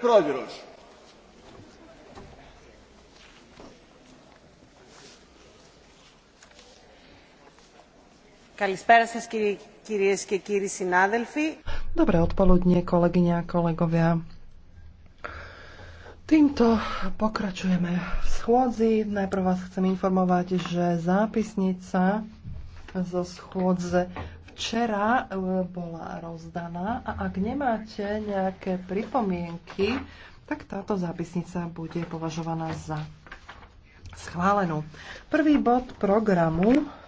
πρόεδρος. Καλησπέρα σας κύριε, κυρίες και κύριοι συνάδελφοι. Dobré odpoludnie, kolegyňa a kolegovia. Týmto pokračujeme v schôdzi. Najprv vás chcem informovať, že zápisnica zo schôdze včera e, bola rozdaná a ak nemáte nejaké pripomienky, tak táto zápisnica bude považovaná za schválenú. Prvý bod programu